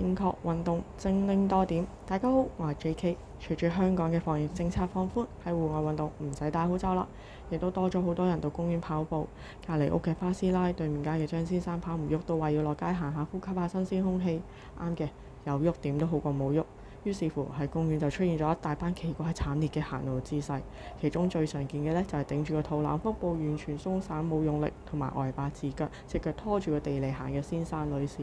正確運動精靈多點，大家好，我係 JK。隨住香港嘅防疫政策放寬，喺戶外運動唔使戴口罩啦，亦都多咗好多人到公園跑步。隔離屋嘅花師奶，對面街嘅張先生跑唔喐，都話要落街行下，呼吸下新鮮空氣。啱嘅，有喐點都好過冇喐。於是乎喺公園就出現咗一大班奇怪慘烈嘅行路姿勢，其中最常見嘅呢，就係頂住個肚腩，腹部完全鬆散冇用力，同埋外八字腳，隻腳拖住個地嚟行嘅先生女士。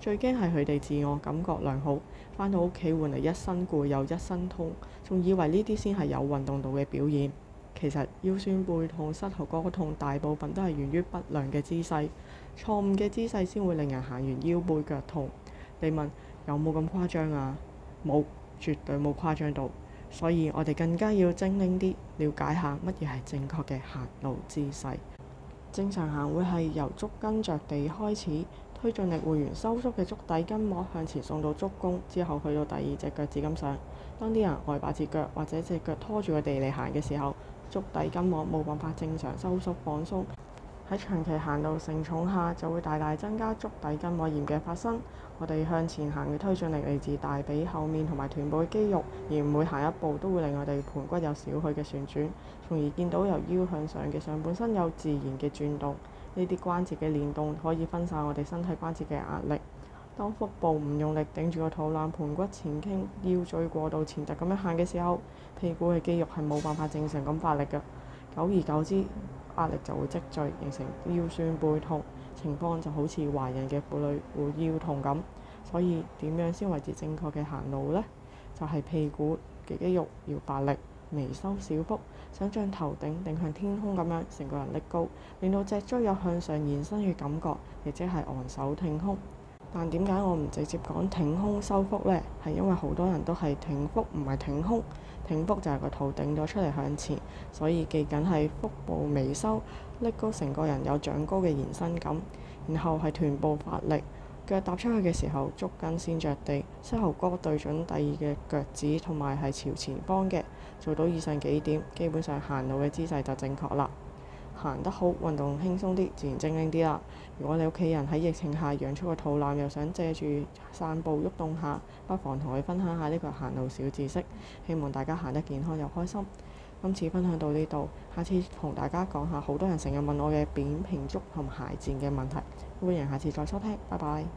最驚係佢哋自我感覺良好，返到屋企換嚟一身攰又一身痛，仲以為呢啲先係有運動到嘅表現。其實腰酸背痛、膝頭哥痛，大部分都係源於不良嘅姿勢，錯誤嘅姿勢先會令人行完腰背腳痛。你問有冇咁誇張啊？冇，絕對冇誇張到。所以我哋更加要精靈啲，了解下乜嘢係正確嘅行路姿勢。正常行會係由足跟着地開始。推進力會沿收縮嘅足底筋膜向前送到足弓，之後去到第二隻腳趾咁上。當啲人外擺隻腳或者隻腳拖住個地嚟行嘅時候，足底筋膜冇辦法正常收縮放鬆。喺長期行到承重下，就會大大增加足底筋膜炎嘅發生。我哋向前行嘅推進力嚟自大髀後面同埋臀部嘅肌肉，而每行一步都會令我哋盤骨有少許嘅旋轉，從而見到由腰向上嘅上半身有自然嘅轉動。呢啲關節嘅連動可以分散我哋身體關節嘅壓力。當腹部唔用力頂住個肚腩，盤骨前傾，腰椎過度前突，咁樣行嘅時候，屁股嘅肌肉係冇辦法正常咁發力嘅。久而久之，壓力就會積聚，形成腰酸背痛情況，就好似懷孕嘅婦女會腰痛咁。所以點樣先為之正確嘅行路呢？就係、是、屁股嘅肌肉要發力。微收小腹，想像頭頂頂向天空咁樣，成個人拎高，令到脊椎有向上延伸嘅感覺，亦即係昂首挺胸。但點解我唔直接講挺胸收腹呢？係因為好多人都係挺腹，唔係挺胸。挺腹就係個肚頂咗出嚟向前，所以記緊係腹部微收，拎高成個人有長高嘅延伸感，然後係臀部發力。腳踏出去嘅時候，足跟先着地，膝頭哥對準第二嘅腳趾，同埋係朝前方嘅，做到以上幾點，基本上行路嘅姿勢就正確啦。行得好，運動輕鬆啲，自然精靈啲啦。如果你屋企人喺疫情下養出個肚腩，又想借住散步喐動下，不妨同佢分享下呢個行路小知識。希望大家行得健康又開心。今次分享到呢度，下次同大家講下好多人成日問我嘅扁平足同鞋墊嘅問題。歡迎下次再收聽，拜拜。